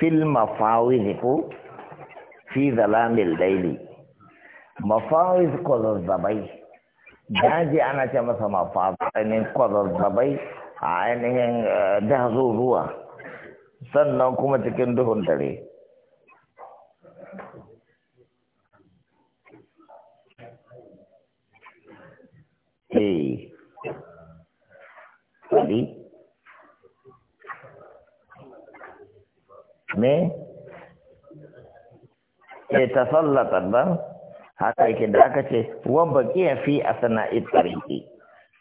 fil mafawiz ko fi zalamil daili mafawiz kwazazzabai daji ana ce masa mafawiz da kwazazzabai a ainihin eh, ruwa sannan kuma cikin duhun dare Eh, me ya eh, tasallata ba haka yake da aka ce wa baqiya fi asna'i tariqi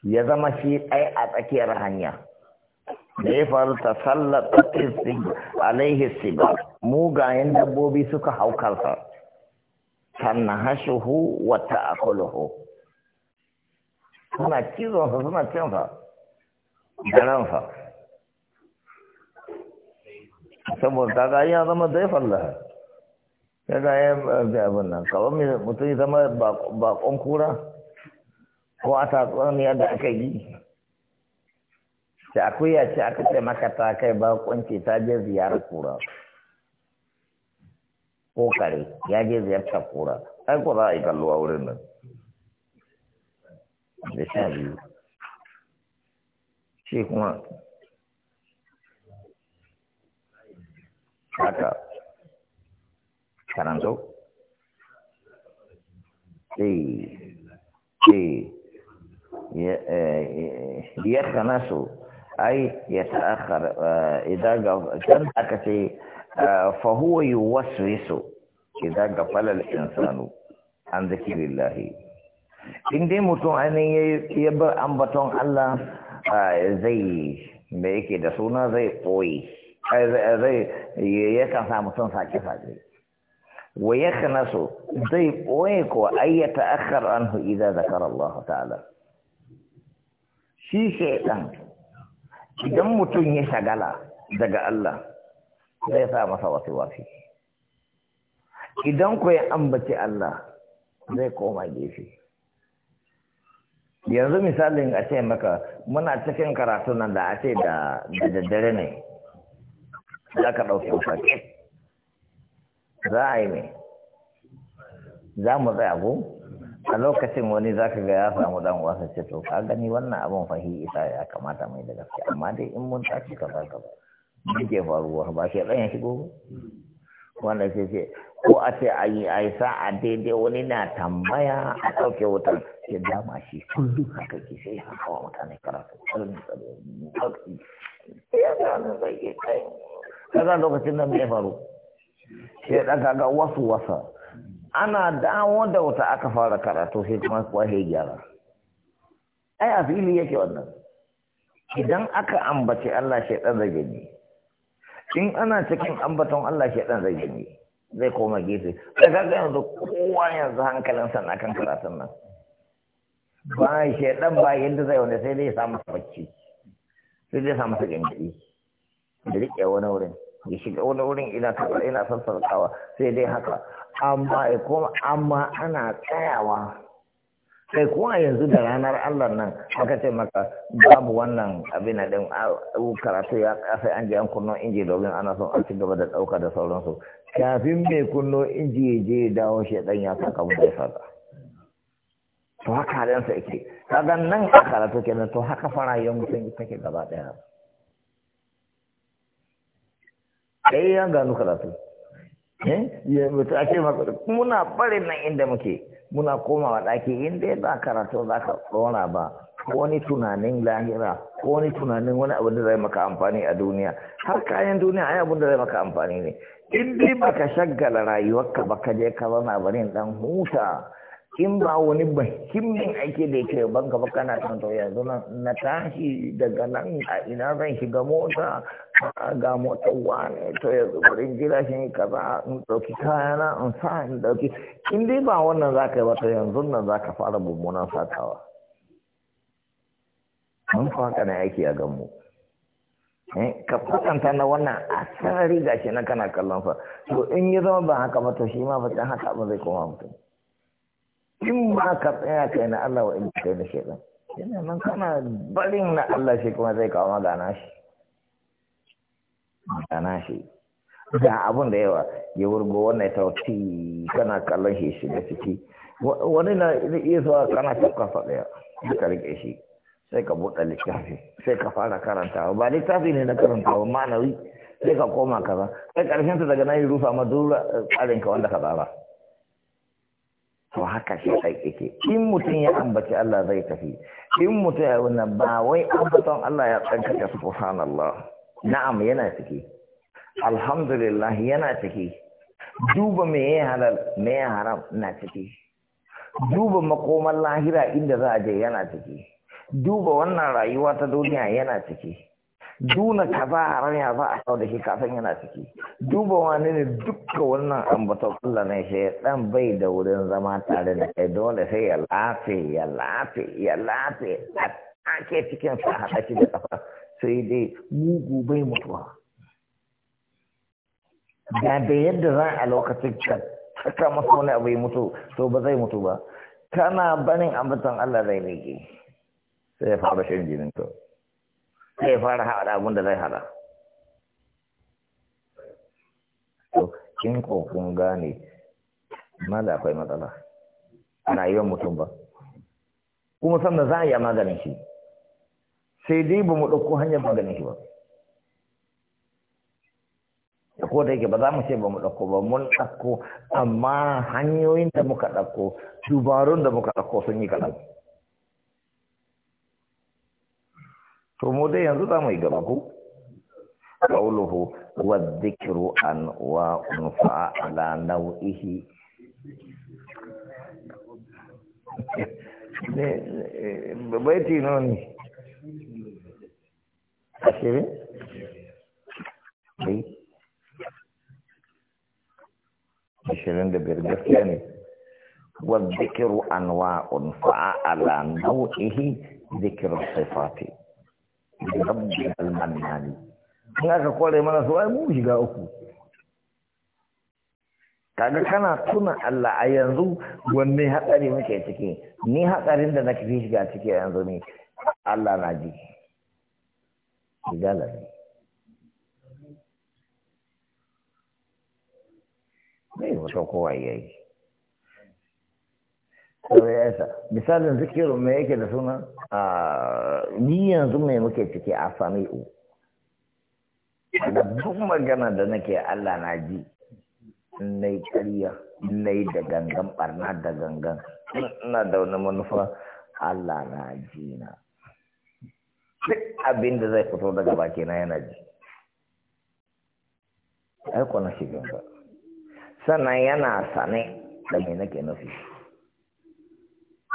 ya zama shi ɗaya a tsakiyar hanya da ya faru tasallata alaihi siba mugayen dabbobi suka sa kansa hashu wa ta'akuluhu suna cizon sa suna cin sa saboda kaga ya zama daifan laha ga ya bi eh, abin nan kawai mutum ya zama bakon kura ko a ne da aka yi ta akuya ce aka ce maka ta kai bakonci ta je ziyarar kura ko kare ya je ziyartar kura ai ko za a yi kallo a wurin nan da sha biyu shi kuma haka karanto eh eh ya eh, su ai ya ta'akhkhar eh, idan gaf kan tak ce eh, fahuwa huwa yuwaswisu ida ga falal insanu an zikrillah in dai mutum ainihin ya bar ambaton Allah zai me yake da suna zai ɓoye zai yakan sa mutum sake-sake wa yakan naso zai ɓoye kuwa ayyata akar an anhu idan zakar Allah ta'ala shi ɗan idan mutum ya shagala daga Allah zai sa masa wasu wafi idan kuwa ya ambaci Allah zai koma gefe yanzu misalin a ce maka muna cikin karatu nan da a ce da daddare ne za ka ɗauke wuta za a yi mai za mu tsaya ko a lokacin wani za ka ga ya samu dan wasa ce to ka gani wannan abin fahi isa ya kamata mai da gaske amma dai in mun tashi ka ba gaba ke faruwa ba shi ɗan ya shigo wanda ce ce ko a ce a yi a sa'a daidai wani na tambaya a ɗauke wutar ke dama shi kullum haka ke sai ya hawa mutane karatu ya zama zai ke kaga lokacin nan ya faru ke daga ga wasu wasa ana dawo da wata aka fara karatu sai kuma kuwa sai gyara ai a fili yake wannan idan aka ambaci Allah dan zai ni in ana cikin ambaton Allah dan zai ni zai koma gefe daga ga yanzu kowa yanzu sa na kan karatun nan ba dan ba yanda zai wanda sai dai ya samu bacci sai dai ya samu sa da riƙe wani wurin ya shiga wani wurin ina taɓa ina sai dai haka amma ya koma amma ana tsayawa sai kuma yanzu da ranar Allah nan aka ce maka babu wannan abin a din karatu ya kasa an ji an kunnon inji domin ana son an ci gaba da ɗauka da sauransu kafin mai kunno inji ya je dawo shi dan ya saka mu da ya saka to haka ke yake kaga nan a karatu kenan to haka fara yau mutum take gaba ɗaya kai ya gano karatu eh? ake muna barin nan inda muke muna komawa ɗaki inda ya ba karatu za ka rona ba wani tunanin lahira ko wani tunanin wani abin da zai maka amfani a duniya har kayan duniya ai abin da zai maka amfani ne in dai baka shaggala rayuwarka ba ka je ka zama barin dan huta in ba wani bahimmin aiki da yake banka ba kana san to yanzu na tashi daga nan a ina zan shiga mota ga motar wane to yanzu bari in jira shi kaza in ɗauki kayana in sa in ɗauki, in dai ba wannan za ka yi ba yanzu nan ka fara mummunan sakawa an faka na aiki a ganmu eh, ka kwatanta na wannan a sarari gashi na kana kallon sa to in ya zama ba haka ba to shi ma ba haka ba zai koma mutum in ma ka tsaya kai na Allah wa in kai na shaidan yana nan kana barin na Allah shi kuma zai kawo magana shi magana shi ga abun da yawa ya wurgo wannan tauti kana kallon shi shi da ciki wani na iya zuwa kana tafka faɗaya ka rike shi sai ka buɗe littafi sai ka fara karantawa ba littafi ne na karantawa ma'anawi sai ka koma kaza sai ƙarshen ta daga nan yi rufa ma tsarinka wanda ka tsara to haka shi aikake in mutum ya ambaci Allah zai tafi in mutum ya wannan ba wai ambaton Allah ya tsankaka subhanallah na'am yana ciki alhamdulillah yana ciki duba me ya halal me ya haram na ciki duba makoman lahira inda za a je yana ciki duba wannan rayuwa ta duniya yana ciki duna kaza a ranya za a sau da shi kafin yana ciki duba wani ne dukka wannan ambaton kula ne shi dan bai da wurin zama tare da kai dole sai ya lafe ya lafe ya lafe a ake cikin sa a shi da ƙafa sai dai mugu bai mutuwa da da yadda za a lokacin ka saka masa wani abu ya mutu to ba zai mutu ba kana banin ambatan Allah zai rage. sai ya fara shan jinin to sai fara haɗa abin da zai haɗa to kin ko kun gane akwai matsala a rayuwar mutum ba kuma sannan za a yi maganin shi sai dai ba mu ɗauko hanyar maganin shi ba da ko da yake ba za mu ce ba mu ɗauko ba mun ɗauko amma hanyoyin da muka ɗauko dubarun da muka ɗauko sun yi kaɗan to mu dai yanzu za mu yi gaba ku qawluhu wa dhikru an wa ala nau'ihi ne baiti no ne ashirin dai ashirin da biyar ne wa dhikru anwa'un fa'ala nau'ihi dhikru sifati rabbi in aka kore mana su ai mu shiga uku kaga kana tuna Allah a yanzu wanne hadari muke ciki ni hadarin da nake shiga ciki a yanzu ne Allah na ji Igala ne. Ne wata kowa yayi. saurayensa misalin zikirin mai yake da suna a ni yanzu mai muke ciki a sami'u da duk magana da nake Allah na ji na yi ƙarya na yi da gangan ɓarna da gangan ina da wani manufa Allah na ji na duk abin da zai fito daga baki na yana ji aiko na ba sannan yana sane da mai nake nufi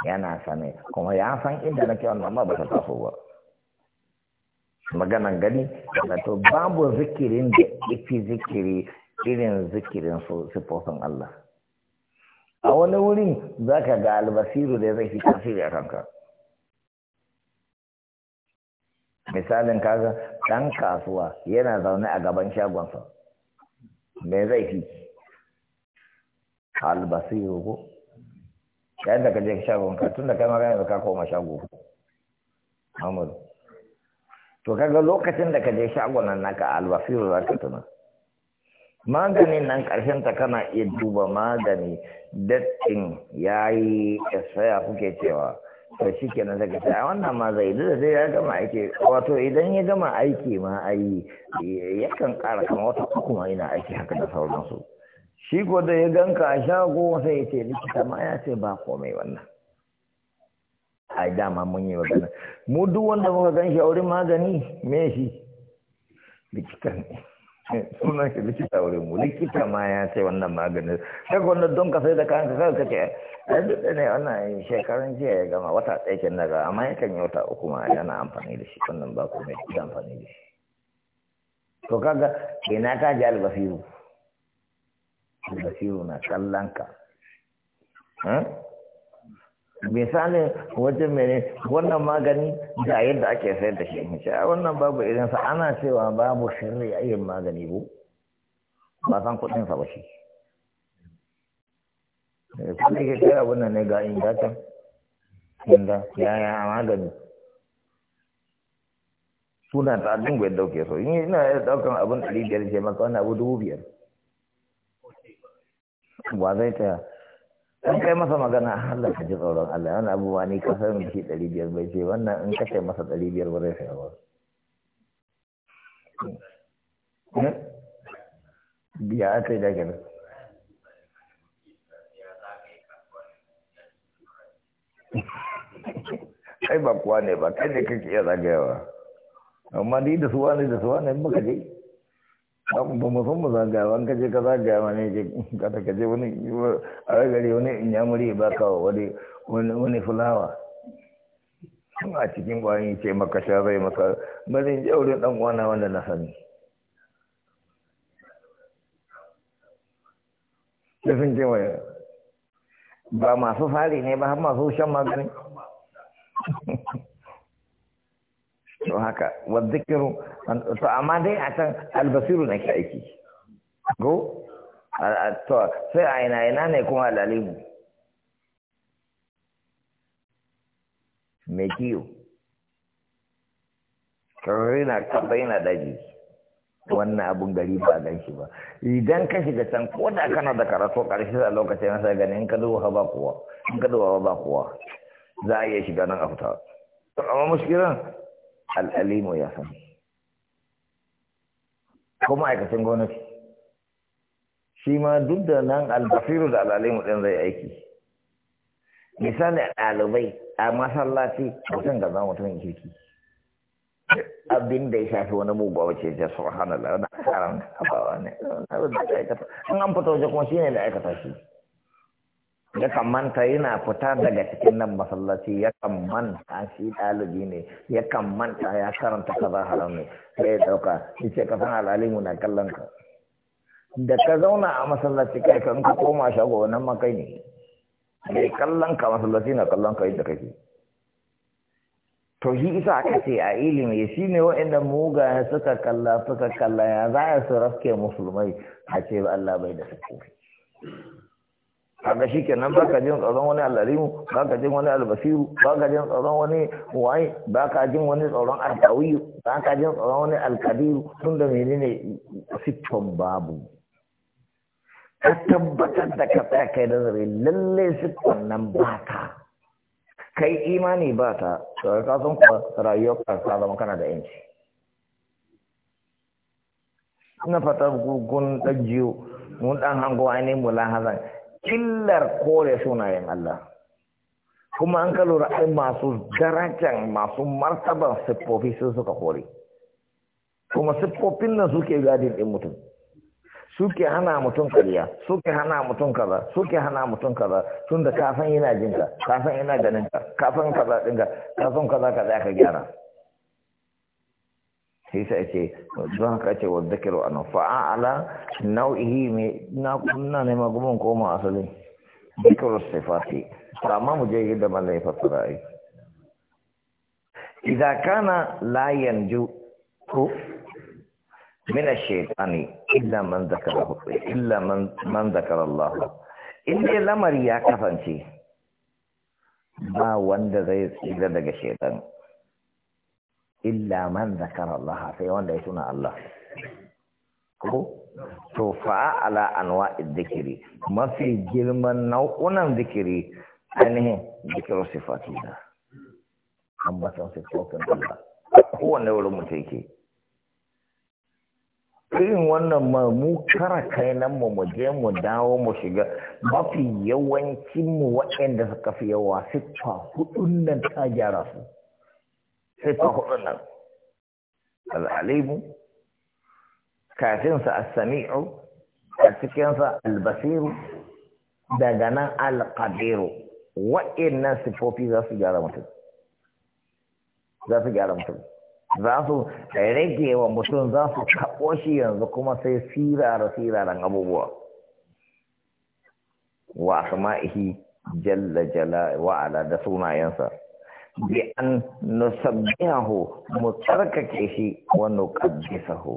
yana sane kuma ya san inda nake wannan ma ba ta ba maganan gani to babu zikirin da ifi zikiri irin zikirin su sifofin Allah a wani wurin zaka ga albasiru da zai fi tasiri a kanka misalin kaga ɗan kasuwa yana zaune a gaban shagonsa me zai fi albasiru ko kayan da ka je shagon ka tun da kai magana da ka koma shago Muhammadu to kaga lokacin da ka je shagon nan naka albafiru za ka tuna maganin nan karshen ta kana iya duba magani dattin ya yi saya kuke cewa to shi nan zaka ta wannan ma zai da zai ya gama aiki wato idan ya gama aiki ma ayi yakan ƙara kama wata uku ma yana aiki haka da sauransu shi ko da ya ganka a shago sai ya ce likita ma ya ce ba komai wannan a dama mun yi magana mu duk wanda muka gan shi a wurin magani me shi likita ne sunan shi likita wurin mu likita ma ya ce wannan magani. sai wanda don ka sai da kanka kanka kace ai duk ne wannan shekaran jiya ya gama wata ɗaya kin daga amma yakan yi wata uku ma yana amfani da shi wannan ba komai ya amfani da shi to kaga ina ka ji albasiru basiru na kallon ka misalin wajen mene wannan magani da yadda ake sayar da shi mace wannan babu irinsa ana cewa babu shirri a yin magani bu ba san sa ba shi eh, kuma ke kai abin nan ne ga ingatan inda yaya a magani suna ta abin bai dauke so ina daukan abin ɗari biyar ce maka wani abu dubu biyar ba zai ta in kai masa magana Allah ka ji tsoron Allah wani abubuwa ne ka san shi ɗari biyar bai ce wannan in kashe masa ɗari biyar ba zai saya ba biya hmm? aka yi daga kai ba kuwa ne ba kai ne kake iya zagayawa amma ni da suwa ne da suwa ne muka je ba mu san mu ga an kaje ka zagaya ma ne je kada kaje wani a gari wani in ya muri ba ka wani wani fulawa a cikin kwayoyin ce maka sha zai maka bari in je dan uwana wanda na sani da sun ce wai ba masu fari ne ba masu shan magani to haka wa zikiru to amma dai a can albasiru na ke aiki go to sai a ina ina ne kuma alalimu mai kiyo karari na kafa yana daji wannan abun gari ba gan shi ba idan ka shiga can ko da kana da karatu karshe a lokacin nasa in ka duba ba kuwa in ka duba ba kuwa za a iya shiga nan a fita amma muskilan al'alimu ya sani ko aikacin gwamnati shi ma duk da nan albasiru da al'alimu ɗin zai aiki misali ɗalibai a masallaci mutum ga zama mutum kirki abin da ya shafi wani mugu wace ya subhanallah wani karan kafawa ne an fito waje kuma shine da aikata shi ya manta yana fita daga cikin nan masallaci ya kamanta shi ɗalibi ne ya manta ya karanta ka haram ne sai ya ɗauka shi ce ka san al'alimu na kallon ka da ka zauna a masallaci kai kan ka koma shago nan ma kai ne Me kallon ka masallaci na kallon ka yadda kake to shi isa aka ce a ilimi shi ne wa'inda mugaye suka kalla suka kalla ya za a su rafke musulmai a ce Allah bai da sukuri kaga shi kenan ba ka jin tsoron wani al'alimu ba ka jin wani albasiru ba ka jin tsoron wani waye ba ka jin wani tsoron alkawiyu ba ka jin tsoron wani alkadiru tun da ne siffon babu ka tabbatar da ka tsaya kai da zare lalle siffon nan ba ta kai imani ba ta to kasan kuma kuwa rayuwar karsa zama kana da yanci ina fata gugun ɗan jiyo mun ɗan hango ainihin mulahazan illar kore sunayen Allah kuma an kalu ra'ayi masu darajan masu martaban siffofi sun suka kore kuma siffofin nan suke gadin din mutum suke hana mutum kariya suke hana mutum kaza suke hana mutum kaza tunda da kafin yana jinka kafan yana ganinka kafan kaza ɗinka kafan kaza kaza ka gyara sai sai ce don haka ce wa zakiru an ala nau'ihi me na kunna ne magumin koma asali zikiru sifati amma mu je yadda ma zai fassara ai idan kana la yanju ko mina illa man zakarahu illa man man zakara Allah in dai lamari ya kasance ba wanda zai tsira daga shaytani illa man zakara Allah sai wanda ya tuna Allah ko to fa ala anwa'i dhikri mafi girman nau'unan zikiri ainihin zikiru sifatina ambatan sifatin Allah wanda wurin mutum ke? irin wannan ma mu kara kai nan mu mu je mu dawo mu shiga mafi yawancin mu waɗanda suka fi yawa sifa hudun nan ta gyara su sai fa hudu nan al'alimu kafinsa as-sami'u a cikinsa al-basiru daga nan al-qadiru wa'annan sifofi za su gyara mutum za su gyara mutum za su rage wa mutum za su kaɓo shi yanzu kuma sai sirara siraran abubuwa wa asma'ihi jalla jala wa ala da sunayensa bi an nusabbihu mu tsarkake shi wa nuqaddisahu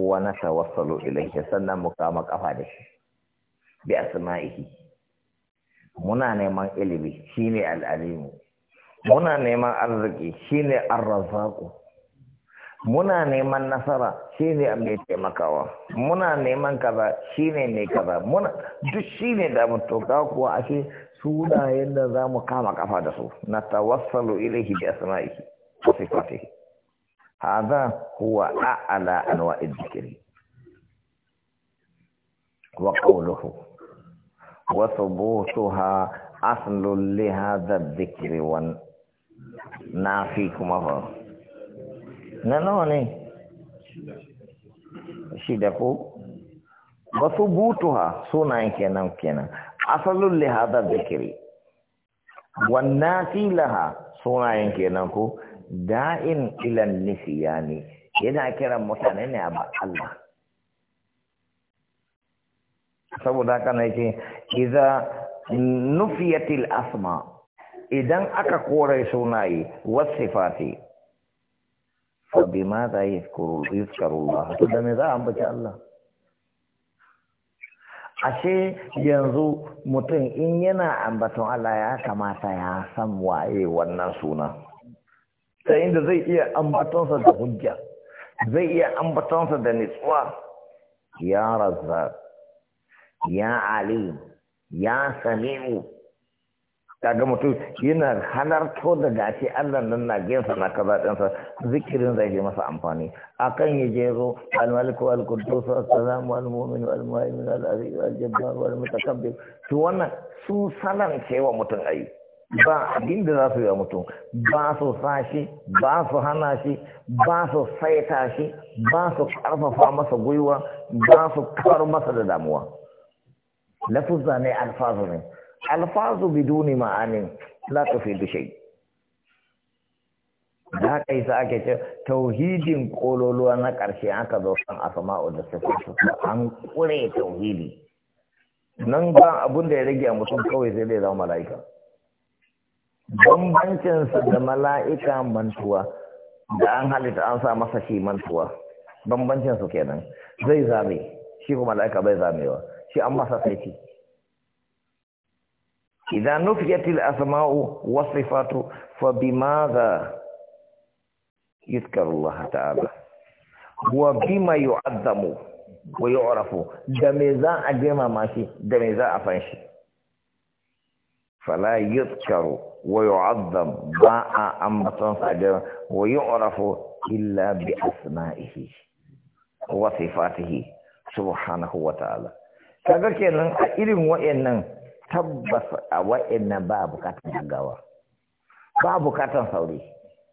wa natawassalu ilayhi sannan mu kama kafa da shi bi asma'ihi muna neman ilimi shine al alim muna neman arziki shine ar razzaq muna neman nasara shi ne mai taimakawa muna neman kaza shi ne mai kaza muna duk shi ne da mutuka kuwa ashe suna da za mu kama kafa da su na tawassalu ilaihi bi asma'ihi wa sifatihi hadha huwa a'la anwa'id dhikri wa qawluhu wa thubutuha aslul li hadha dhikri wa nafi kuma fa na nawa ne shida ko butu butuha sunayen kenan kenan asalin lihada zikiri wannan filaha sunayen kenan ko da'in ilan nisiya ne yana kiran mutane ne a Allah saboda haka na iza nufiyatil asma idan aka kore sunaye wasifati to bi ma za yi ba to da me za a ambaci Allah ashe yanzu mutum in yana ambaton Allah ya kamata ya san waye wannan suna ta inda zai iya ambatonsa da hujja zai iya ambatonsa da nitsuwa ya razzaq ya alim ya sami'u kaga mutum yana halarto da gashi Allah nan na gefa na kaza sa zikirin zai yi masa amfani akan ya je zo wal qudus assalamu wal mu'min al-aziz al-jabbar wal mutakabbir to wannan su salan cewa mutum ayi ba abin da za su yi wa mutum ba su sa ba su hana shi ba su saita shi ba su karfafa masa gwiwa ba su kawar masa da damuwa lafuzza ne ne alfazu biduni ma'anin la tufidu shay da haka sa ake ce tauhidin kololuwa na ƙarshe aka zo kan asma'u da sifatu an kure tauhidi nan ba abun da ya rage a mutum kawai sai dai zama mala'ika sa da mala'ika mantuwa da an halitta an sa masa shi mantuwa su kenan zai zame shi kuma mala'ika bai zamewa shi an masa saiti idza nufiyatil asma'u was sifatu fa bimadha yuzkarullah ta'ala wa bima yu'azzamu wa yu'rafu jamiza ajma mashi jamiza afanshi fala yuzkaru wa yu'azzam ba'a amatan sada wa yu'rafu illa bi asma'ihi wa sifatihi subhanahu wa ta'ala kaga kenan irin wa'annan tabbas a wa'annan ba a bukatan gaggawa ba a bukatan sauri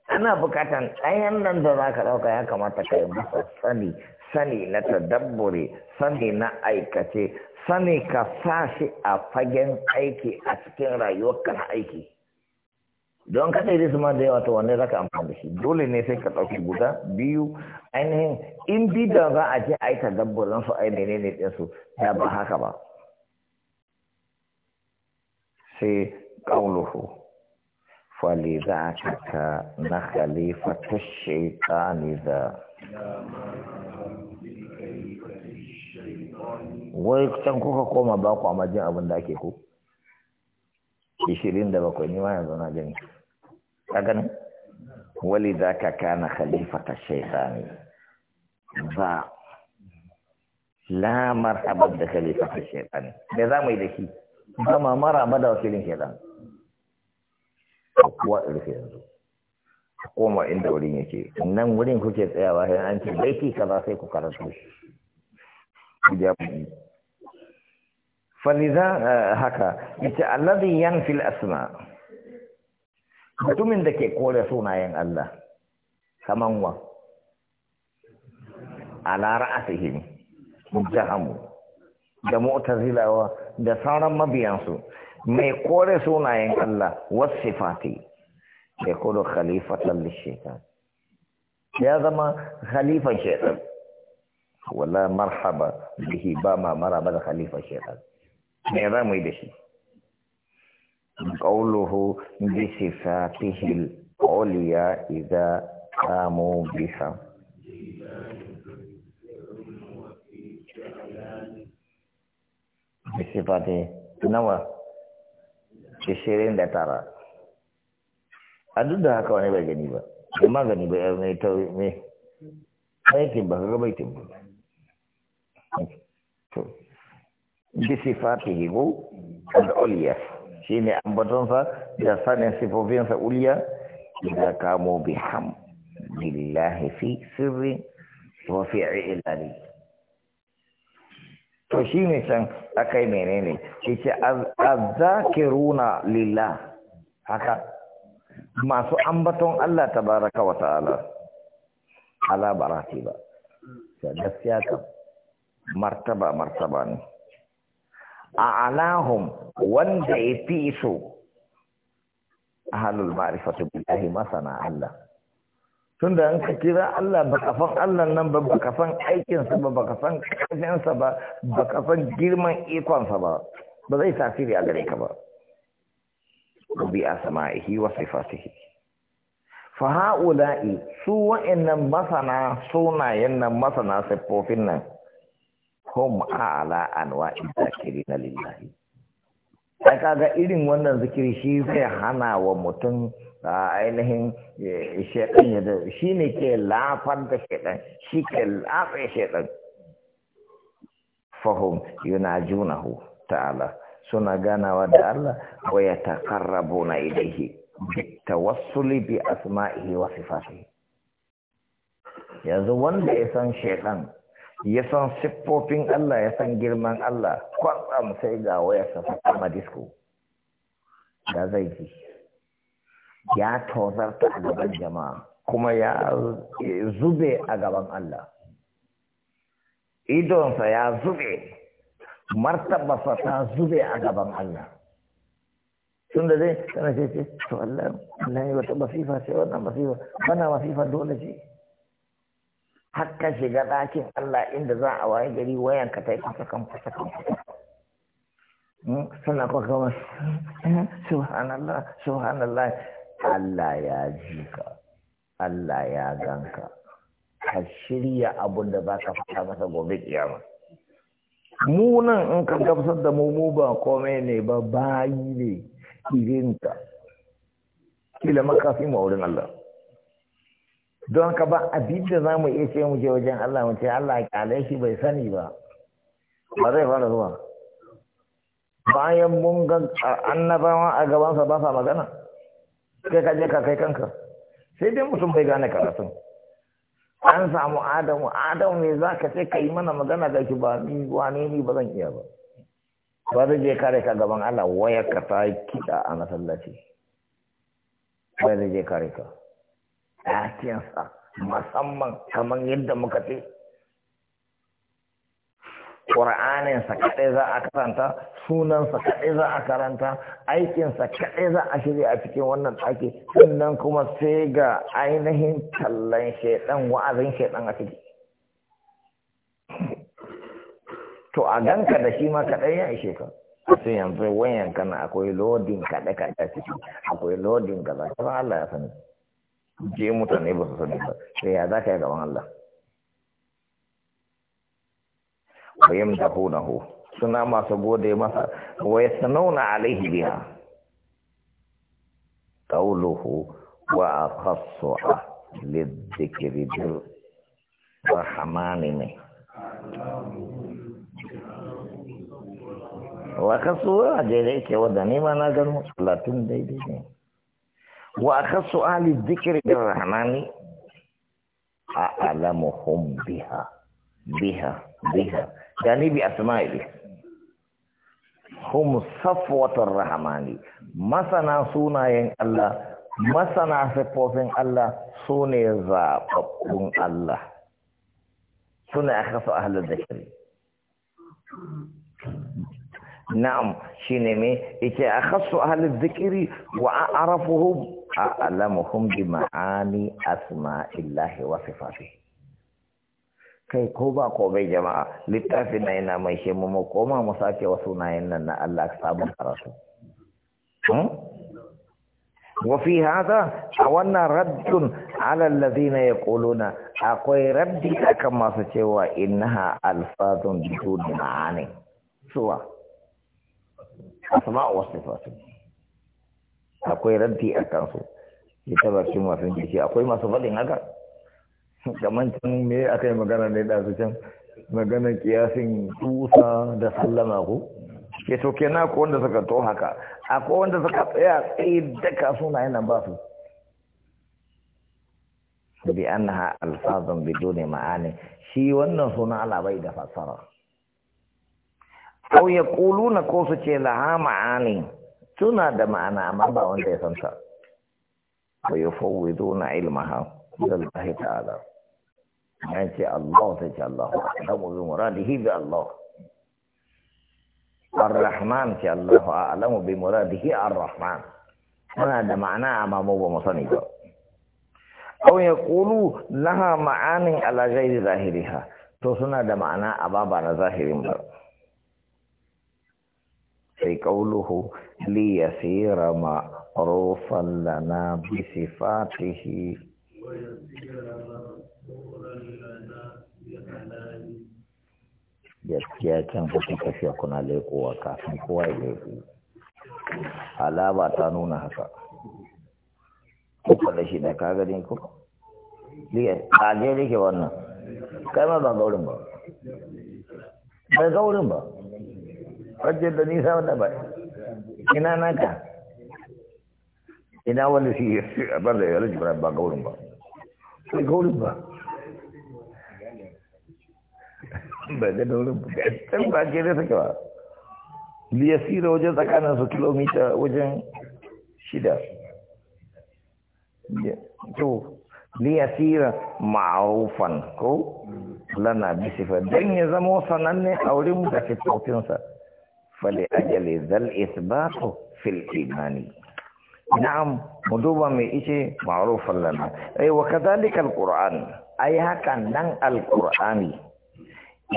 ana bukatan ɗayan nan da za ka ɗauka ya kamata ka yi masa sani sani na tadabbure sani na aikace sani ka sa shi a fagen aiki a cikin rayuwar na aiki don ka ɗaya su ma da yawa ta wanne za ka amfani da shi dole ne sai ka ɗauki guda biyu ainihin in bi da za a je a yi tadabburin su ne ne ɗinsu ya ba haka ba sai ƙauluhu falizaka ka na Khalifa ta shaitani da wai can kuka koma ba ku amma jin abin da ake ku ishirin da bakwai ni ma yanzu na jin ka gani wali za ka kana khalifata shaitani ba lamar abin da Khalifa ta shaitani me za mu yi da shi zama mara ba da wakilin kenan kuwa irfe yanzu koma inda wurin yake nan wurin kuke tsayawa sai an ce baiti kaza sai ku karatu ku ja mu faliza eh, haka yace alladhi fil asma mutumin da ke kore sunayen Allah kaman wa ala ra'asihim mujahamu da mu'tazilawa da sauran mabiyansu mai kore sunayen Allah wasifati ya Khalifa khalifatan lishaitan ya zama khalifan shaitan wala marhaba bihi ba ma maraba da khalifan shaitan me za mu yi da shi qawluhu bi sifatihi al-awliya idza qamu biha sifati nawa ishirin da tara a duk da haka wani bai gani ba bai magani ba yau mai tauri mai aikin ba ga baitin ba to bi sifatihi go da uliya shine ambatonsa da sanin sifofinsa uliya da kamo bi ham lillahi fi sirri wa fi ilali to shi ne can akai menene shi ce azzakiruna lillah haka masu ambaton Allah ta baraka wa ta'ala ala barati ba gaskiya kam martaba martaba ne a alahum wanda ya fi so ahalul ma'rifatu billahi masana Allah tunda an ka kira Allah baka san Allah nan ba baka san aikinsa ba baka san sa ba baka san girman ikonsa ba ba zai tasiri a gare ka ba bi asma'ihi wa sifatihi fa haula'i su wa'annan masana sunayen nan masana siffofin nan hum a'la anwa'i zakirin lillahi ai kaga irin wannan zikiri shi zai hana wa mutum ainihin e, shekan ya da shi ne ke lafar da shekan shi ke lafar shekan fahim yana juna hu ta'ala suna ganawa da Allah wa ya taqarrabuna ilayhi tawassuli bi asma'ihi wasu fashe yanzu wanda ya san shekan ya san siffofin Allah ya san girman Allah kwatsam sai ga wayarsa ta kama disko da zai ji ya tozarta a gaban jama'a kuma ya zube a gaban Allah idonsa ya zube sa ta zube a gaban Allah tun da zai kana ce ce to Allah Allah ya wata masifa ce wannan masifa bana masifa dole ce hakka shiga ɗakin Allah inda za a waye gari wayan ka ta yi kusa kan kusa kan hmm? suna kwa kama subhanallah subhanallah Allah ya ji ka Allah ya gan ka ka shirya abin da za ka fata masa gobe kiyama Munan in ka gamsar da mu mu ba komai ne ba bayi ne irinka kila makafi ma wurin Allah don haka ba abin da za mu iya ce mu wajen Allah mu ce Allah ya kyale shi bai sani ba ba zai fara zuwa bayan mun ga annabawa a gabansa ba sa magana kai ka je ka kai kanka sai dai mutum bai gane karatun an samu adamu adamu ne za ka ce ka yi mana magana ga ki ba ni wane ni ba zan iya ba ba zai je kare ka gaban Allah wayar ka ta kiɗa a masallaci ba zai je kare ka ɗakinsa musamman kamar yadda muka ce ƙura'aninsa kaɗai za a karanta sunansa kaɗai za a karanta aikinsa kaɗai za a shirya a cikin wannan ɗaki sannan kuma sai ga ainihin tallan shaiɗan wa'azin shaiɗan a ciki to a ganka da shi ma kaɗai ya ishe ka sai yanzu wayan kana akwai lodin kaɗe-kaɗe a ciki akwai lodin gaza. kaza Allah ya sani je mutane ba su sani ba sai ya za ka yi gaban Allah wa yamdahunahu suna masu gode masa wa yasnauna alaihi biha ƙauluhu wa a lidhikri bil rahmani ne wa kasu a jere ke wadda nema na gano talatin daidai ne وأخص أهل الذكر بالرحمن أعلمهم بها بها بها يعني بأسمائه هم صفوة الرحمن مثلا سونا الله مثلا سفوفين الله سونا زابقون الله سونا أخص أهل الذكر نعم شينمي إذا أخص أهل الذكر وأعرفهم a'lamuhum bi ma'ani asma'illahi wa sifati kai ko ba ko bai jama'a littafi na yana mai shi mu koma mu sake wa sunayen nan na Allah sabon karatu hmm? wa fi hada a wannan raddun ala alladhina yaquluna akwai raddi akan masu cewa innaha alfazun bidun ma'ani suwa asma'u wa sifatu akwai raddi a kansu ita ba masu jiki akwai masu faɗin haka kamar can me aka yi magana ne da su can maganar kiyasin tusa da sallama ko ke to kenan na wanda suka to haka akwai wanda suka tsaya tsaye daka suna yana ba su bi alfazan bido ne ma'ani shi wannan suna alabai da fassara kulu na ko su ce laha ma'ani suna da ma'ana amma ba wanda ya san ta wa yufawwiduna ilmaha ila Allah ta'ala an ce Allah ta ce Allah adamu bi muradihi bi Allah Ar-Rahman ce Allah a'lamu bi muradihi Ar-Rahman suna da ma'ana amma mu ba mu sani ba aw yaqulu laha ma'anin ala ghairi zahiriha to suna da ma'ana ababa na zahirin ba sai kauluhu li yasira ma rufan lana bi sifatihi gaskiya can kuka tafiya kuna laikowa kafin kowa ya laiko alaba ta nuna haka kuka da shi da kagarin ku kaje da ke wannan kai ma ba gaurin ba bai gaurin ba wajen da nisa wanda ba ina naka ina wanda shi a bar da yalar jibiran ba gaurin ba sai gaurin ba ba ga daurin ba can ba ke da suke ba liyasira wajen tsakanin su kilomita wajen shida to liyasira ma'arufan ko lana bisifa don ya zama sananne a wurin da fitofinsa fali ajali zal isbatu fil imani na'am muduba mai ice ma'rufan lana ay eh, wa kadhalika alquran ay haka nan alqurani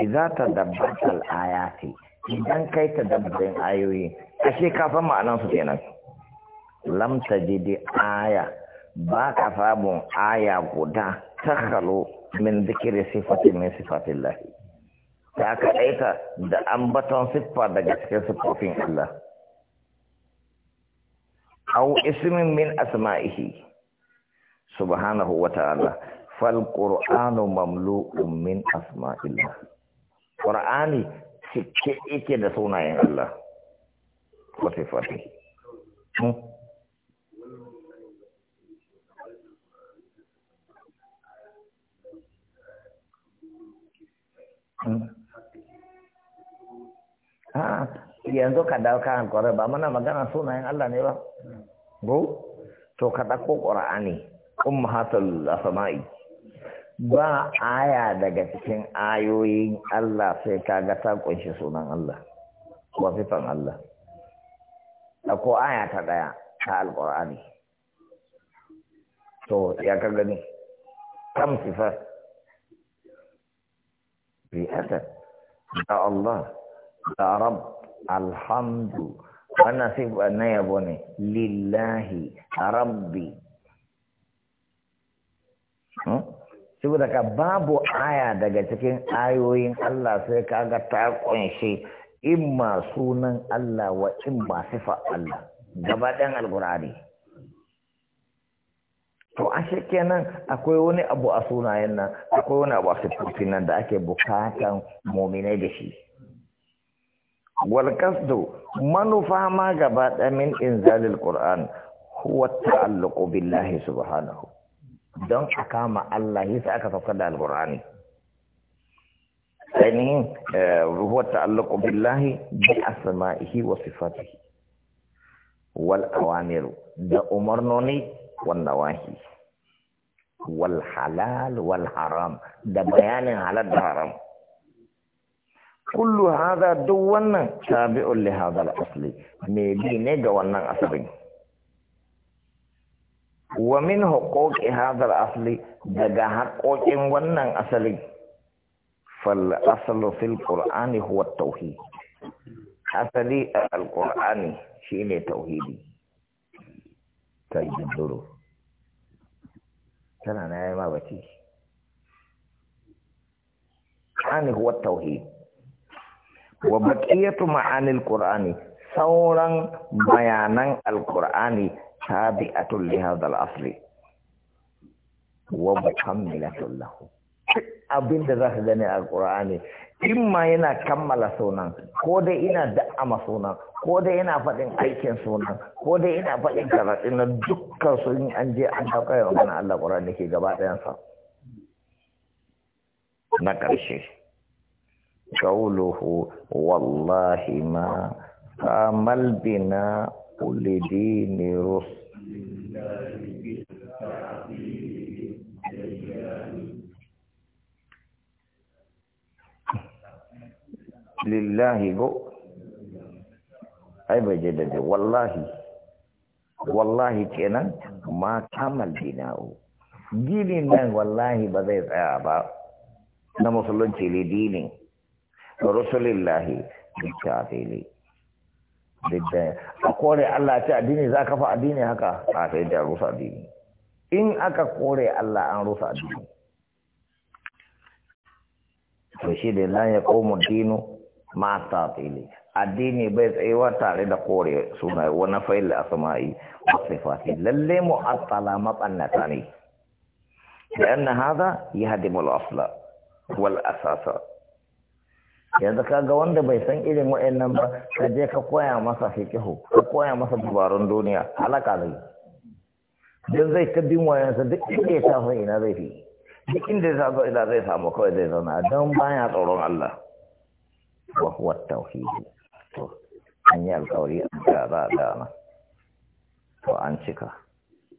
idza tadabbarta alayati idan kai tadabbarin ayoyi ashe ka san ma'anar su kenan lam tajidi aya ba ka samu aya guda ta khalo min dhikri sifati min sifatillahi ta kaɗaita da ambaton siffa daga cikin siffofin Allah. Au ismin min asma'ihi subhanahu wa ta'ala fal ƙur'anu mamlu'un min asma'illah. Ƙur'ani cike yake da sunayen Allah. Wata fati. Hmm? yanzu ka dawo ka alƙur'ani ba mana magana sunayen Allah ne ba go to ka ɗauko ƙur'ani mahatul asama'i. ba aya daga cikin ayoyin Allah sai ka ga ta ƙunshi sunan Allah wasifan Allah Ɗauko aya ta ɗaya, ta alƙura'ani. to ya ka gani kam sifar. bi da Allah da Rabu. alhamdu wannan sifa na yabo ne lillahi rabbi hmm? saboda ka babu aya daga cikin ayoyin Allah sai ka kaga ta kunshi imma sunan Allah wa imma sifa Allah gaba ɗan alkur'ani to ashe kenan akwai wani abu a sunayen nan akwai wani abu a sifofin nan da ake bukatan mominai da shi Wal ma gaba جبات min inzalil qur'an, huwa ta'alluqu billahi subhanahu don a kama Allah yasa aka saukar da alkur'ani ainihin eh, huwa ta'alluqu billahi bi asma'ihi wa sifatihi wal awamiru da umarnoni wan nawahi wal halal wal haram da bayanin halal da haram kullu hada duk wannan tabi'un li hada al-asli me bi ne ga wannan asalin wa min huquqi hada al-asli daga haƙoƙin wannan asalin fal aslu fil qur'ani huwa tauhid asali al-qur'ani shine tauhidi tayyib duro tana na yayi ma bace Ani huwa tauhid wa baqiyatu ma'anil qur'ani sauran bayanan alqur'ani tabi'atul li hadzal asli wa mukammilatul lahu abin da za ka gani imma yana kammala sunan ko dai ina da'ama sunan ko dai yana fadin aikin sunan ko dai ina fadin karatu na dukkan su in an je an ɗauka mana Allah Qur'ani ke gaba sa na ƙarshe قوله والله ما فمل بنا ولدين رس لله بو اي بجدد والله والله كنا ما كمل بنا جيلي والله بذي ثعبا آه، نمو سلون تلي ديني rasulillahi bitafili didda a kore Allah ce addini za ka fa addini haka a sai da rusa addini in aka kore Allah an rusa addini to shi da la ya qawmu dinu ma tafili addini bai tsayuwa tare da kore suna wani fa'il asma'i wa sifati lalle mu'attala mabannata ne لأن هذا يهدم الأصل والأساس yanzu ka ga wanda bai san irin wa'annan ba ka je ka koya masa fikihu ka koya masa dubarun duniya halaka zai don zai ta bin wayansa duk inda ya tafi ina zai fi duk inda ya zo ina zai samu kawai zai zauna don baya tsoron Allah wa huwa tauhidi to an yi alkawari an ga za to an cika